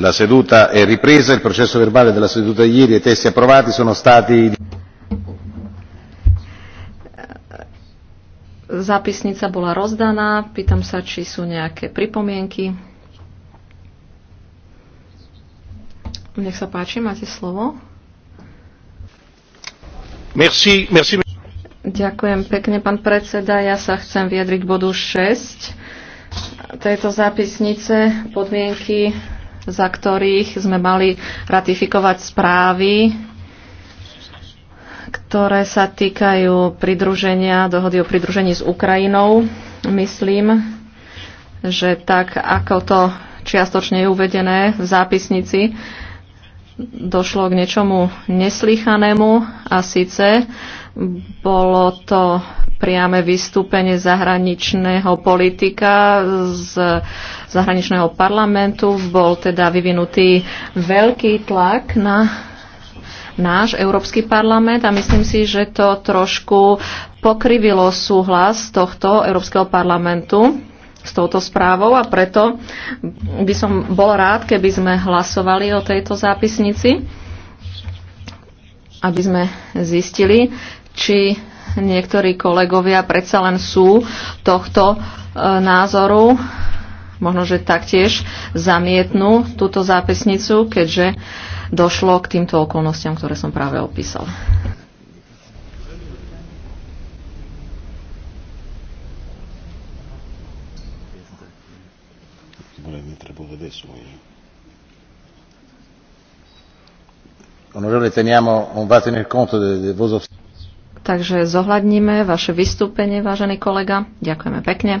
La seduta è ripresa, il processo verbale della seduta di ieri e i testi approvati sono stati... zapisnica bola rozdaná. Pýtam sa, či sú nejaké pripomienky. Nech sa páči, máte slovo. Merci, merci. Ďakujem pekne, pán predseda. Ja sa chcem vyjadriť k bodu 6 tejto zápisnice podmienky za ktorých sme mali ratifikovať správy, ktoré sa týkajú pridruženia, dohody o pridružení s Ukrajinou. Myslím, že tak, ako to čiastočne je uvedené v zápisnici, došlo k niečomu neslychanému a síce bolo to priame vystúpenie zahraničného politika z zahraničného parlamentu. Bol teda vyvinutý veľký tlak na náš Európsky parlament a myslím si, že to trošku pokrivilo súhlas tohto Európskeho parlamentu s touto správou a preto by som bol rád, keby sme hlasovali o tejto zápisnici, aby sme zistili, či niektorí kolegovia predsa len sú tohto e, názoru. Možno, že taktiež zamietnú túto zápisnicu, keďže došlo k týmto okolnostiam, ktoré som práve opísal. Onorevole, teniamo, un va tener conto de, de vos takže zohľadníme vaše vystúpenie, vážený kolega. Ďakujeme pekne.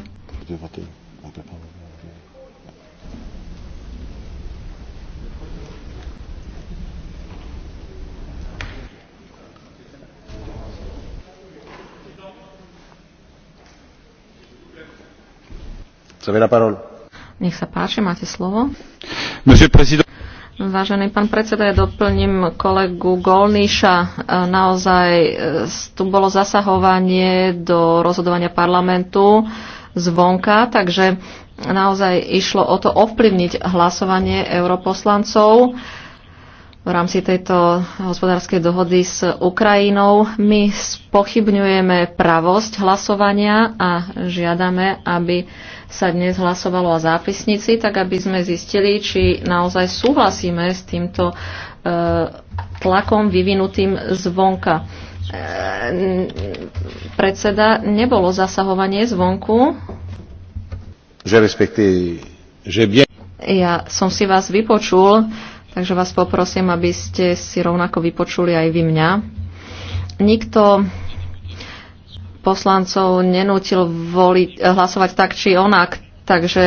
Nech sa páči, máte slovo. Monsieur Président. Vážený pán predseda, ja doplním kolegu Golniša. E, naozaj e, tu bolo zasahovanie do rozhodovania parlamentu zvonka, takže naozaj išlo o to ovplyvniť hlasovanie europoslancov v rámci tejto hospodárskej dohody s Ukrajinou. My spochybňujeme pravosť hlasovania a žiadame, aby sa dnes hlasovalo o zápisnici, tak aby sme zistili, či naozaj súhlasíme s týmto e, tlakom vyvinutým zvonka. E, predseda, nebolo zasahovanie zvonku? Ja som si vás vypočul Takže vás poprosím, aby ste si rovnako vypočuli aj vy mňa. Nikto poslancov nenútil voliť, hlasovať tak či onak, takže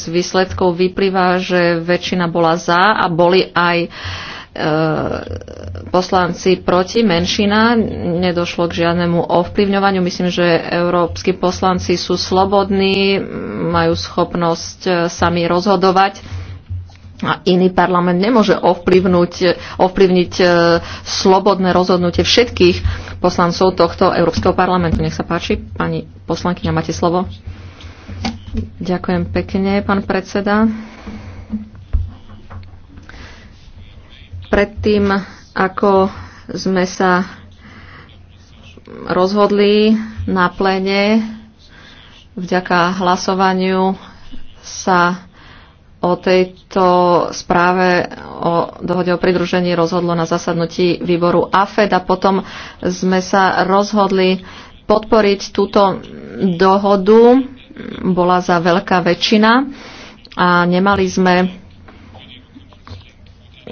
z výsledkov vyplýva, že väčšina bola za a boli aj e, poslanci proti, menšina. Nedošlo k žiadnemu ovplyvňovaniu. Myslím, že európsky poslanci sú slobodní, majú schopnosť e, sami rozhodovať a iný parlament nemôže ovplyvnúť, ovplyvniť e, slobodné rozhodnutie všetkých poslancov tohto Európskeho parlamentu. Nech sa páči, pani poslankyňa, máte slovo. Ďakujem pekne, pán predseda. Predtým, ako sme sa rozhodli na plene, vďaka hlasovaniu sa O tejto správe o dohode o pridružení rozhodlo na zasadnutí výboru AFED a potom sme sa rozhodli podporiť túto dohodu. Bola za veľká väčšina a nemali sme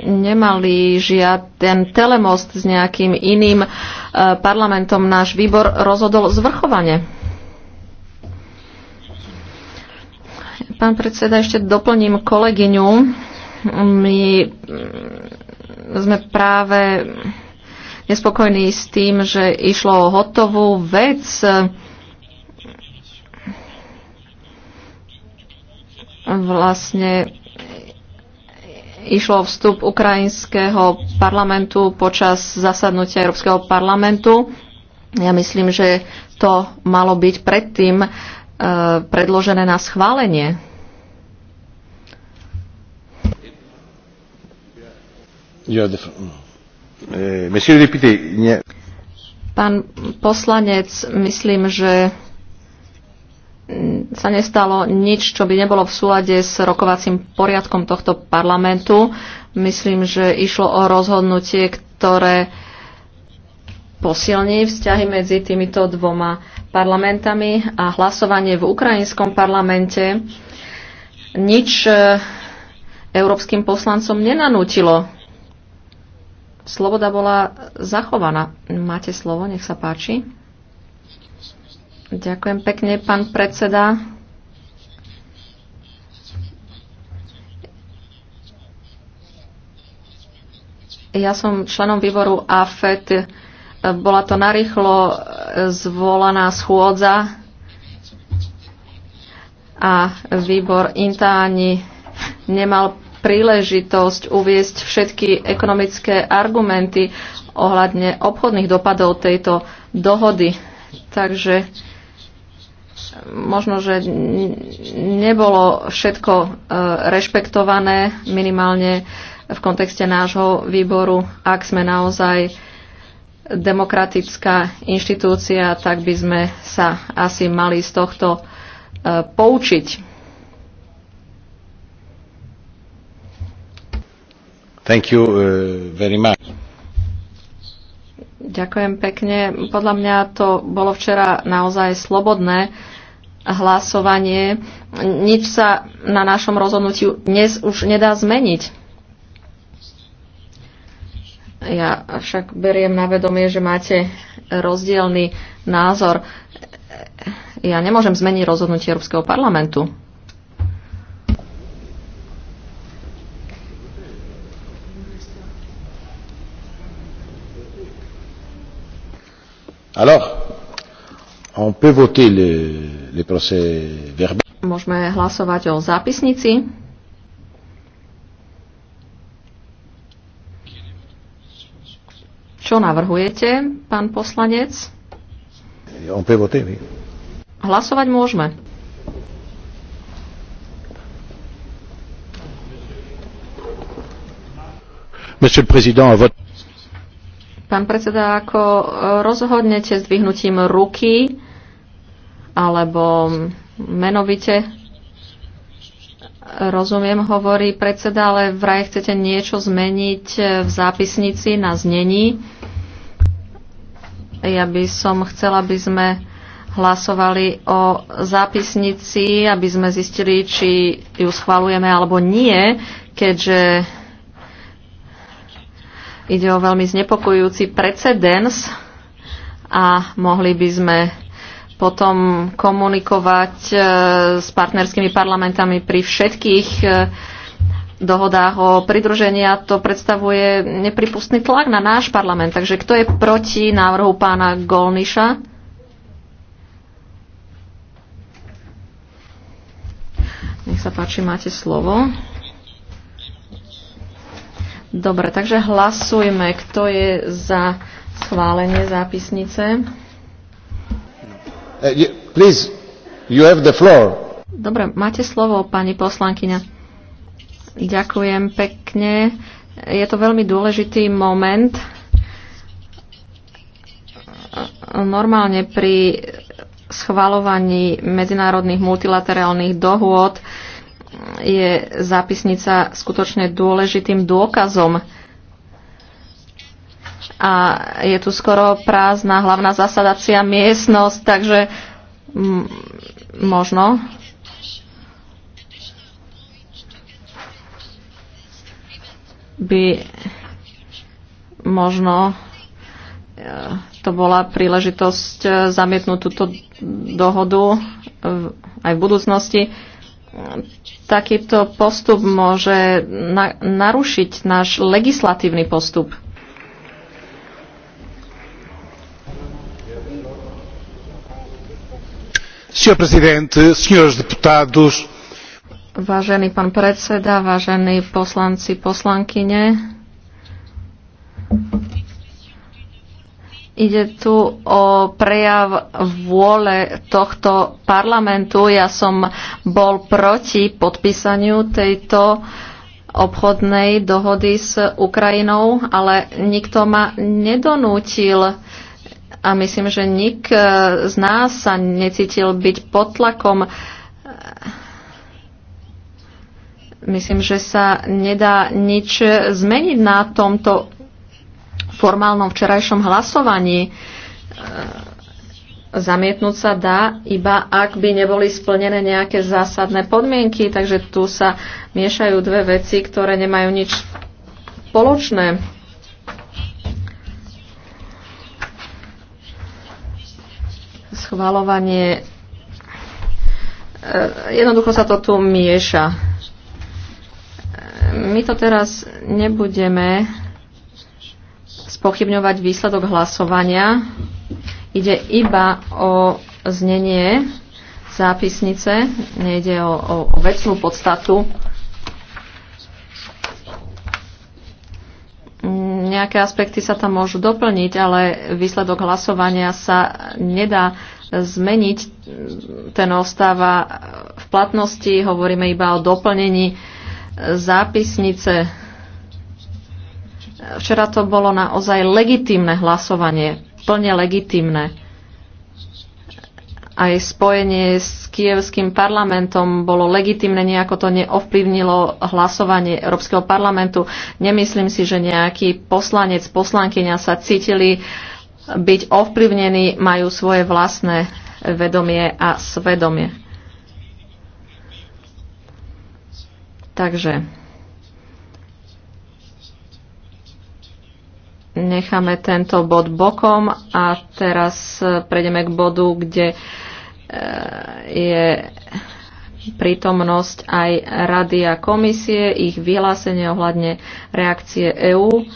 nemali žiaden telemost s nejakým iným eh, parlamentom. Náš výbor rozhodol zvrchovane. Pán predseda, ešte doplním kolegyňu. My mm, sme práve nespokojní s tým, že išlo o hotovú vec. Vlastne išlo o vstup ukrajinského parlamentu počas zasadnutia Európskeho parlamentu. Ja myslím, že to malo byť predtým eh, predložené na schválenie. Eh, Pán poslanec, myslím, že sa nestalo nič, čo by nebolo v súlade s rokovacím poriadkom tohto parlamentu. Myslím, že išlo o rozhodnutie, ktoré posilní vzťahy medzi týmito dvoma parlamentami a hlasovanie v ukrajinskom parlamente nič eh, európskym poslancom nenanútilo sloboda bola zachovaná. Máte slovo, nech sa páči. Ďakujem pekne, pán predseda. Ja som členom výboru AFET. Bola to narýchlo e, zvolaná schôdza a výbor INTA ani nemal príležitosť uviesť všetky ekonomické argumenty ohľadne obchodných dopadov tejto dohody. Takže možno, že nebolo všetko e, rešpektované, minimálne v kontexte nášho výboru, ak sme naozaj demokratická inštitúcia, tak by sme sa asi mali z tohto e, poučiť. Thank you uh, very much. Ďakujem pekne. Podľa mňa to bolo včera naozaj slobodné hlasovanie. Nič sa na našom rozhodnutiu dnes už nedá zmeniť. Ja však beriem na vedomie, že máte rozdielny názor. Ja nemôžem zmeniť rozhodnutie Európskeho parlamentu. Môžeme hlasovať o zápisnici. Čo navrhujete, pán poslanec? On peut voter, oui. Hlasovať môžeme. Monsieur le Président, à votre... Pán predseda, ako rozhodnete zdvihnutím ruky alebo menovite? Rozumiem, hovorí predseda, ale vraj chcete niečo zmeniť v zápisnici na znení. Ja by som chcela, aby sme hlasovali o zápisnici, aby sme zistili, či ju schvalujeme alebo nie, keďže Ide o veľmi znepokojujúci precedens a mohli by sme potom komunikovať e, s partnerskými parlamentami pri všetkých e, dohodách o pridružení a to predstavuje nepripustný tlak na náš parlament. Takže kto je proti návrhu pána Golniša? Nech sa páči, máte slovo. Dobre, takže hlasujme, kto je za schválenie zápisnice. Eh, please, you have the floor. Dobre, máte slovo, pani poslankyňa. Ďakujem pekne. Je to veľmi dôležitý moment. Normálne pri schvalovaní medzinárodných multilaterálnych dohôd je zápisnica skutočne dôležitým dôkazom. A je tu skoro prázdna hlavná zasadacia miestnosť, takže mm, možno by možno e, to bola príležitosť e, zamietnúť túto dohodu e, aj v budúcnosti takýto postup môže na, narušiť náš legislatívny postup. Sr. prezident, senhores deputados. Vážený pán predseda, vážení poslanci, poslankyne, Ide tu o prejav vôle tohto parlamentu. Ja som bol proti podpísaniu tejto obchodnej dohody s Ukrajinou, ale nikto ma nedonútil a myslím, že nik e, z nás sa necítil byť pod tlakom. Myslím, že sa nedá nič zmeniť na tomto formálnom včerajšom hlasovaní. E, zamietnúť sa dá, iba ak by neboli splnené nejaké zásadné podmienky, takže tu sa miešajú dve veci, ktoré nemajú nič spoločné. Schvalovanie. E, jednoducho sa to tu mieša. E, my to teraz nebudeme spochybňovať výsledok hlasovania. Ide iba o znenie zápisnice, nejde o, o, o vecnú podstatu. Mm, nejaké aspekty sa tam môžu doplniť, ale výsledok hlasovania sa nedá zmeniť. Ten ostáva v platnosti, hovoríme iba o doplnení zápisnice Včera to bolo naozaj legitímne hlasovanie, plne legitímne. Aj spojenie s kievským parlamentom bolo legitímne, nejako to neovplyvnilo hlasovanie Európskeho parlamentu. Nemyslím si, že nejaký poslanec, poslankyňa sa cítili byť ovplyvnení, majú svoje vlastné vedomie a svedomie. Takže necháme tento bod bokom a teraz e, prejdeme k bodu, kde e, je prítomnosť aj rady a komisie, ich vyhlásenie ohľadne reakcie EÚ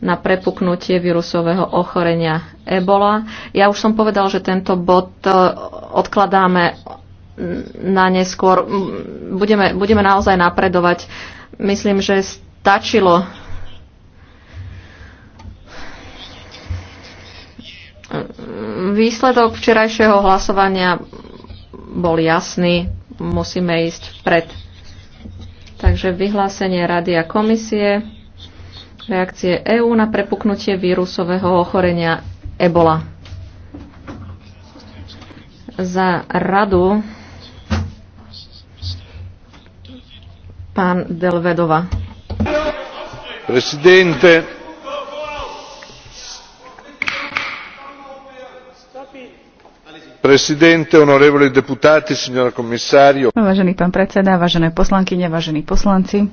na prepuknutie vírusového ochorenia Ebola. Ja už som povedal, že tento bod e, odkladáme na neskôr. Budeme, budeme naozaj napredovať. Myslím, že stačilo Výsledok včerajšieho hlasovania bol jasný. Musíme ísť vpred. Takže vyhlásenie Rady a komisie, reakcie EÚ na prepuknutie vírusového ochorenia Ebola. Za radu pán Delvedova. Presidente, presidente onorevoli deputati signora commissario vážený pán predseda vážené poslankyne vážení poslanci